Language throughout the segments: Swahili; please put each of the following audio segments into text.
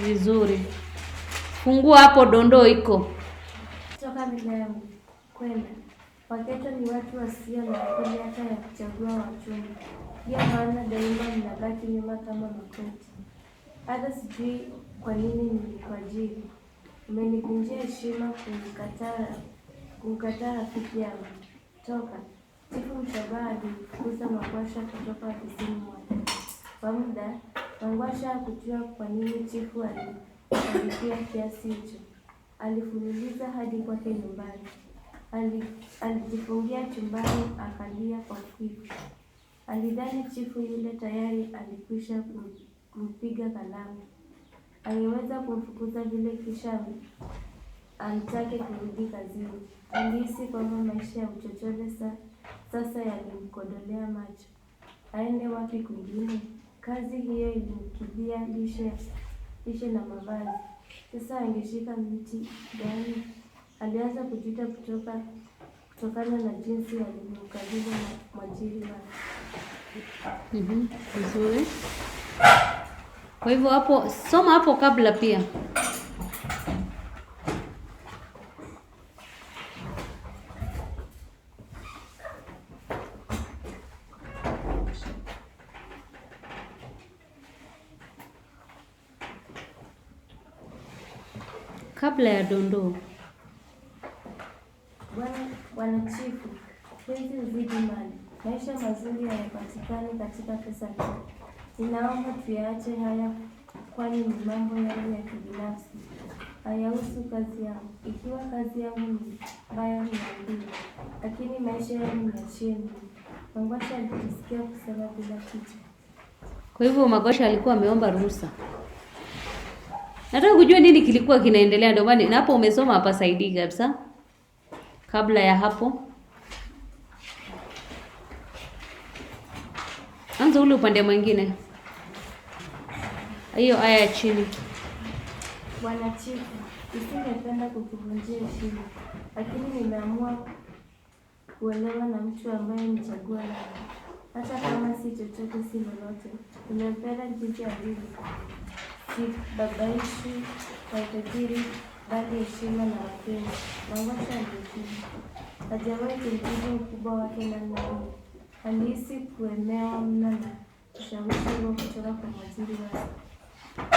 Vizuri, fungua hapo, dondoo iko toka bila yangu kwenda. Waketo ni watu wasio na akili hata ya kuchagua wachumba, ndiyo maana daima mnabaki nyuma kama makoti. Hata sijui kwa nini nilikuajiri, umenikunjia heshima kumkataa rafiki yangu toka Chifu Mshabaha alimgusa Mangwasha kutoka ofisini mwake. Kwa muda Mangwasha hakujua kwa nini chifu alimkaribia kiasi hicho. Alifululiza hadi kwake nyumbani, alijifungia chumbani akalia kwa kivu Alidhani chifu yule tayari alikwisha kumpiga kalamu. Angeweza kumfukuza vile kisha alitaki kurudi kazini. Alihisi kwamba maisha ya uchochole sa, sasa yalimkodolea macho. Aende wapi kwingine? Kazi hiyo ilimkidhia lishe, lishe na mavazi. Sasa angeshika mti gani? Alianza kujuta kutoka kutokana na jinsi alivyokabili mwajiri wake. Mhm, vizuri. Kwa hivyo hapo soma hapo kabla pia Maisha mazuri hayapatikani katika pesa tu. Ninaomba tuyaache haya, kwani ni mambo yangu ya kibinafsi, hayahusu kazi yangu. Ikiwa kazi yangu ni mbaya, niambie, lakini maisha yangu chini. Magwasha alijisikia kusema bila kitu. Kwa hivyo Magwasha alikuwa ameomba ruhusa. Nataka kujua nini kilikuwa kinaendelea, ndio maana na hapo umesoma hapa saidii kabisa. Kabla ya hapo Anza ule upande mwingine, hiyo aya ya chini. Bwana Chifu, nisingependa kukuvunjia heshima, lakini nimeamua kuolewa na mtu ambaye ni na hata kama si chochote, si lolote. Nimempenda jinsi alivyo, si babaishi kwa utajiri, bali heshima na upendo. mangosa aliheshimu, hajawahi kumpiga mkubwa wake namna hiyo halisi kuenea mna na kushawishi roho kutoka kwa waziri wake.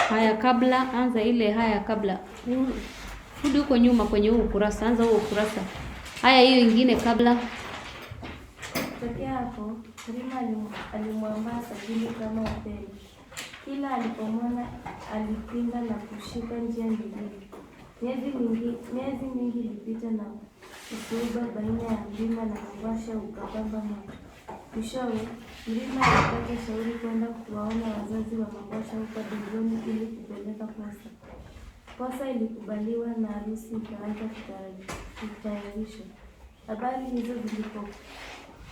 Haya kabla, anza ile haya kabla. Rudi huko nyuma kwenye huu ukurasa, anza huo ukurasa. Haya hiyo ingine kabla. Tokea hapo Rima alimwambaa Sabini kama upeli Kila alipomwona alipinda na kushika njia mbili. Miezi mingi miezi mingi ilipita na usuuba baina ya mlima na kubasha ukapamba moto. Mwishowe, Mrima alipata shauri kwenda kuwaona wazazi wa Magosha huko Dongoni ili kupeleka posa. Posa ilikubaliwa na harusi ikaanza kutayarishwa. Habari hizo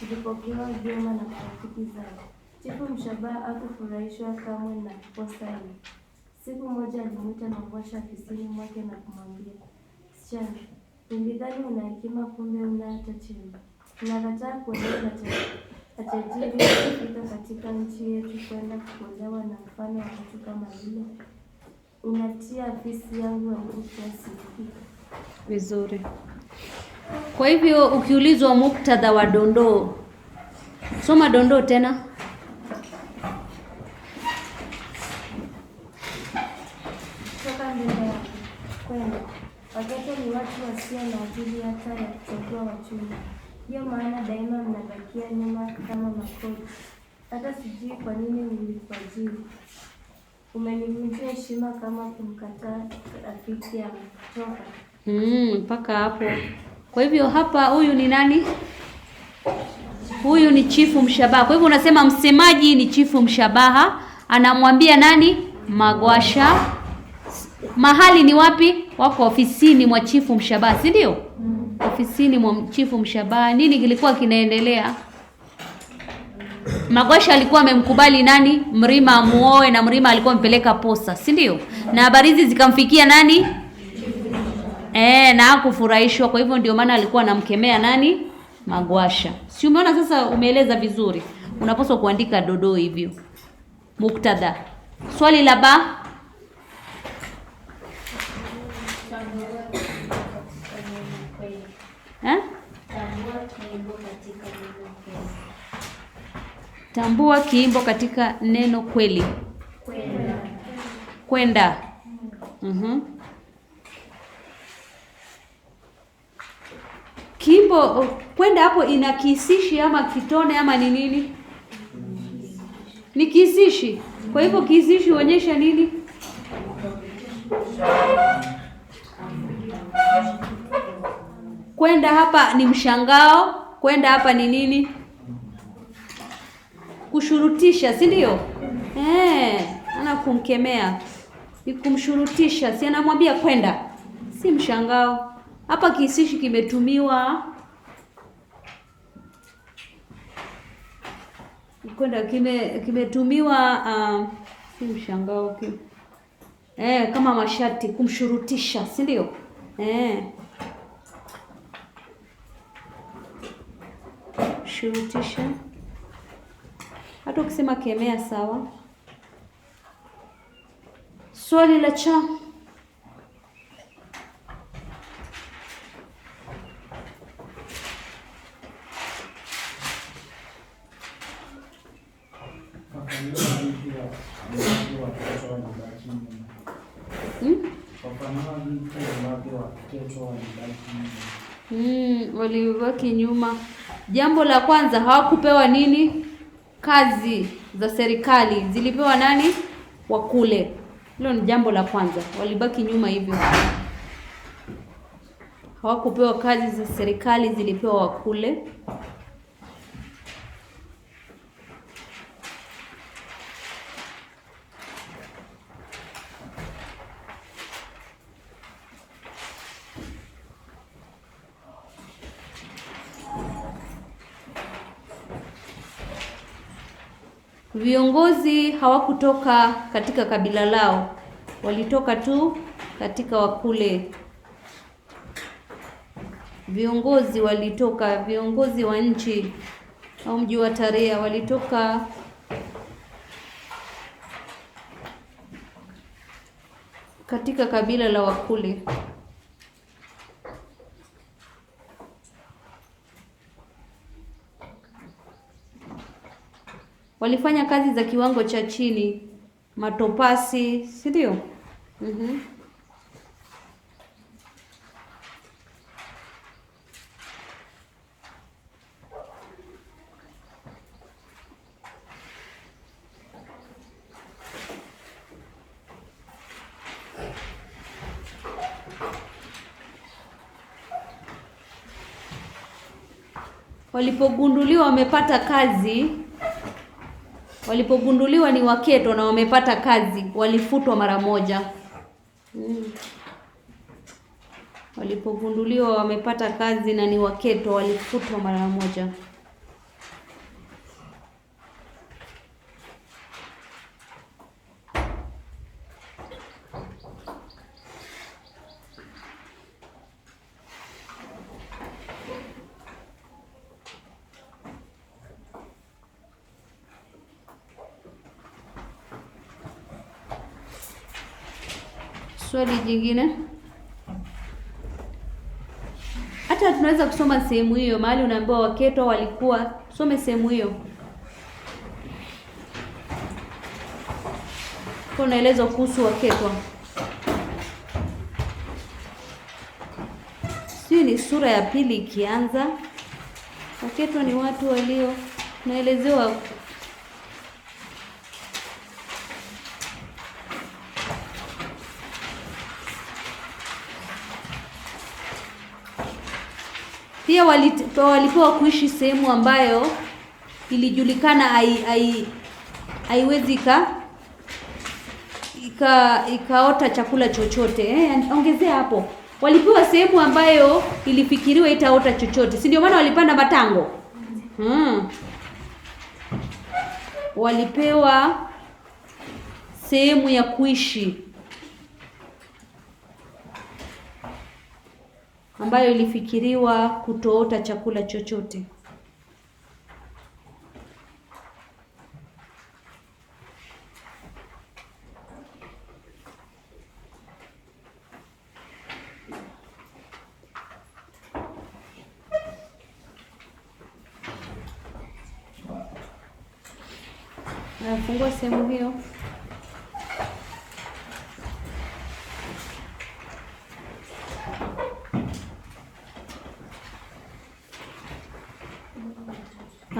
zilipokewa vyema na marafiki zao. Chifu Mshabaha hakufurahishwa kamwe na posa hiyo. Siku moja alimwita Magosha afisini mwake na kumwambia, msichana, nilidhani una hekima, kumbe huna hata chembe. Unakataa kuendelea na atajiri walifika katika nchi yetu kwenda kuolewa na mfano wa mtu kama yule. Unatia afisi yangu alikasifika vizuri. Kwa hivyo ukiulizwa muktadha wa dondoo, soma dondoo tena. Toka mbele yako kwenda. Watoto ni watu wasio na ajili hata ya kuchagua wachumba. Ndiyo maana daima mnabakia nyuma kama makochi. Hata sijui kwa nini nilikuajiri. Umenivunjia heshima kama kumkataa rafiki ya kutoka. Mm, mpaka hapo. Kwa hivyo hapa huyu ni nani? Huyu ni Chifu Mshabaha. Kwa hivyo unasema msemaji ni Chifu Mshabaha, anamwambia nani? Magwasha. Mahali ni wapi? Wako ofisini mwa Chifu Mshabaha, si ndio? mm ofisini mwa Chifu Mshabaha, nini kilikuwa kinaendelea? Magwasha alikuwa amemkubali nani? Mrima amuoe, na Mrima alikuwa amepeleka posa, si ndio? Na habari hizi zikamfikia nani? E, na hakufurahishwa. Kwa hivyo ndio maana alikuwa anamkemea nani? Magwasha. Si umeona sasa? Umeeleza vizuri. Unapaswa kuandika dodoo hivyo. Muktadha, swali la ba Tambua kiimbo katika neno kweli. Kwenda. Kwenda. Mhm. Kiimbo kwenda hapo ina kiisishi ama kitone ama ni nini? Ni kiisishi. Kwa hivyo kiisishi huonyesha nini? Kwenda hapa ni mshangao, kwenda hapa ni nini? kushurutisha, si ndio? Eh, ana kumkemea ni kumshurutisha, si anamwambia kwenda. Si mshangao hapa, kisishi kimetumiwa kwenda, kime- kimetumiwa uh, si mshangao kime. Eh, kama masharti kumshurutisha, si ndio? Eh. shurutisha hata ukisema kemea sawa. Swali la cha hmm, hmm walibaki nyuma. Jambo la kwanza hawakupewa nini? kazi za serikali zilipewa nani? Wakule. Hilo ni jambo la kwanza, walibaki nyuma hivyo, hawakupewa kazi za serikali, zilipewa Wakule. Viongozi hawakutoka katika kabila lao, walitoka tu katika Wakule. Viongozi walitoka, viongozi wa nchi au mji wa Tarehe walitoka katika kabila la Wakule. walifanya kazi za kiwango cha chini, matopasi, si ndio? mm-hmm. Walipogunduliwa wamepata kazi walipogunduliwa ni waketo na wamepata kazi, walifutwa mara moja mm. Walipogunduliwa wamepata kazi na ni waketo walifutwa mara moja. jingine hata tunaweza kusoma sehemu hiyo, mahali unaambiwa waketwa walikuwa, some sehemu hiyo, unaelezwa kuhusu waketwa, sijui ni sura ya pili ikianza. Waketwa ni watu walio, naelezewa Pia walipewa kuishi sehemu ambayo ilijulikana haiwezi ika ikaota chakula chochote eh, ongezea hapo. Walipewa sehemu ambayo ilifikiriwa itaota chochote, si ndio maana walipanda matango hmm. Walipewa sehemu ya kuishi ambayo ilifikiriwa kutoota chakula chochote.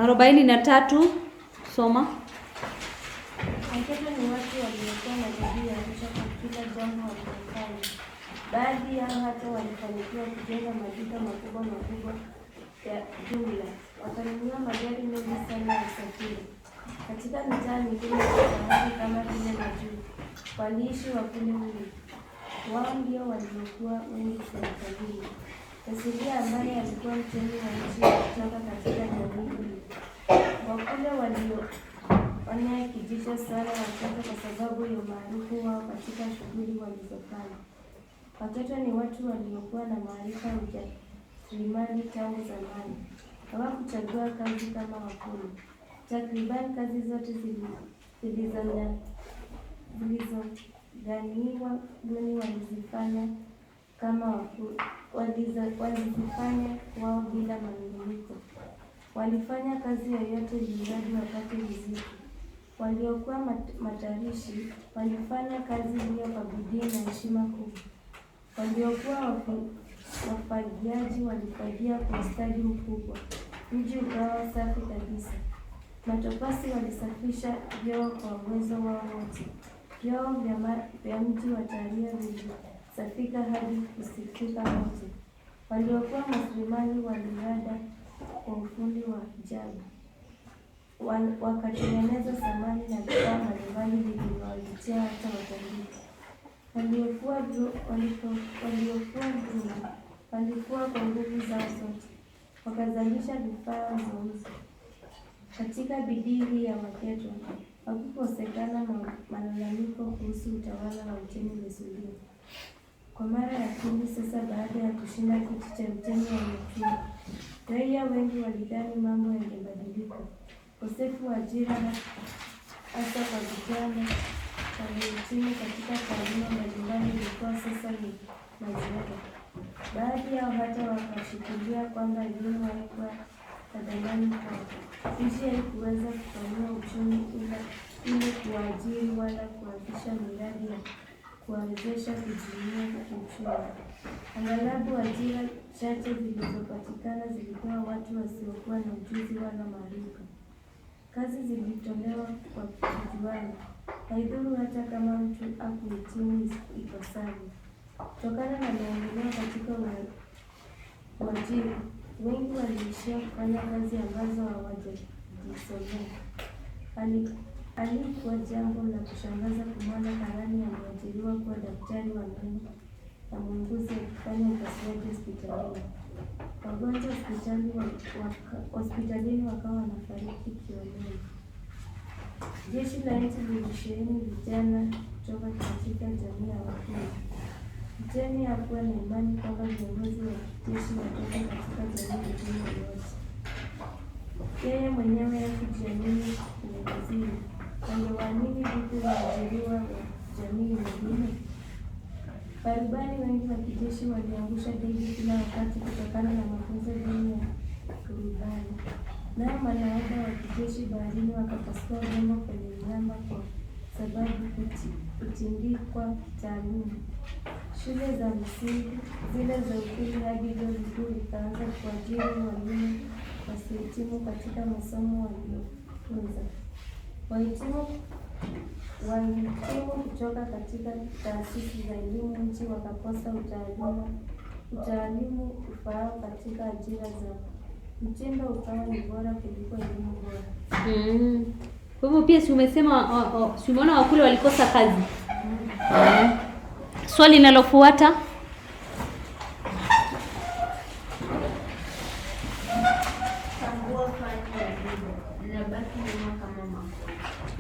arobaini na tatu soma Mateka ni watu waliokuwa na bidii ya kwa kila jambo walilofanya. Baadhi yao hata walifanikiwa kujenga maduka makubwa makubwa ya jumla, wakanunua magari mengi sana ya usafiri. Katika mitaa mingine ya kifahari kama vile Majuu waliishi wapuli wengi, wao ndio waliokuwa wengi serikalini. Cecilia ambaye alikuwa mtendi wa nchi kutoka katika jamii Wakule walionea kijito sana watoto kwa sababu ya umaarufu wao katika shughuli walizofanya. Watoto ni watu waliokuwa na maarifa ya ujasiriamali tangu zamani. Hawakuchagua kazi kama Wakule. Takriban kazi zote zilizogawanywa walizifanya kama walizifanya wao bila manung'uniko. Walifanya kazi yoyote ilimradi wapate riziki. Waliokuwa matarishi walifanya kazi hiyo kwa bidii na heshima kubwa. Waliokuwa wafagiaji walifagia kwa ustadi mkubwa. Mji ukawa safi kabisa. Matopasi walisafisha vyoo kwa uwezo wao wote. Vyoo vya mji wa taria vilivyo safika hadi kusikika moto. Waliokuwa Maseremala walirada kwa ufundi wa ajabu, wakatengeneza samani na vifaa mbalimbali vilivyowavutia hata watalii. Waliokuwa Duma walikuwa kwa nguvu zao zote, wakazalisha vifaa zauzi. Katika bidii hii ya Mapeto hakukosekana malalamiko kuhusu utawala wa Otieno Mesolia. Kwa mara ya pili sasa baada ya kushinda kiti cha utemi wa uchumi, raia wengi walidhani mambo yangebadilika. Ukosefu wa ajira hasa kwa vijana waliohitimu katika taaluma mbalimbali ilikuwa sasa ni mazoea. Baadhi yao hata wakashikilia kwamba elimu haikuwa na thamani kwao. Nchi haikuweza kupanua uchumi ila ili kuajiri wala kuanzisha miradi ya kuwawezesha kujiinua kiuchumi. angalabu ajira chache zilizopatikana zilikuwa watu wasiokuwa na ujuzi wala maarifa. Kazi zilitolewa kwa kujuana, haidhuru hata kama mtu akuhitimu ipasavyo. Kutokana na maendeleo katika uajiri, wengi waliishia kufanya kazi ambazo hawajajisomea alikuwa jambo la kushangaza kumwona karani aliyeajiriwa kuwa daktari wa meno na muuguzi akifanya upasuaji hospitalini. Wagonjwa hospitalini wakawa wanafariki kiolela. Jeshi la nchi lilisheheni vijana kutoka katika jamii ya Wakenya. Mtemi hakuwa na imani kwamba viongozi wa kijeshi watoka katika jamii nyingine yoyote. Yeye mwenyewe hakujiamini kwenye waziri wangewaamini vipi waajiriwa wa jamii nyingine? Marubani wengi wa kijeshi waliangusha deni kila wakati kutokana na mafunzo duni ya urubani, nao malayada wa kijeshi baharini wakapasua vyema kwenye miamba kwa sababu kutindikwa kitaaluma. Shule za msingi zile za upili hadi vyuo vikuu vikaanza kuajiri walimu wasiohitimu katika masomo waliofunza. Wahitimu wahitimu kutoka katika taasisi za elimu nchi wakakosa utaalimu ufaao katika ajira zao. Mtindo ukawa ni bora kuliko elimu bora. Hmm. Kwa hivyo pia si umesema si umeona wakule walikosa kazi. Hmm. Hmm. Swali linalofuata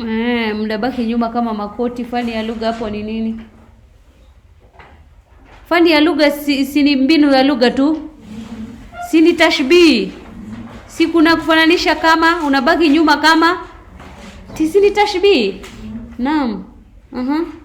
Eh, mnabaki nyuma kama makoti. Fani ya lugha hapo ni nini? Fani ya lugha si, si ni mbinu ya lugha tu, si ni tashbihi, si kuna kufananisha kama, unabaki nyuma kama, si ni tashbihi. Naam, uh -huh.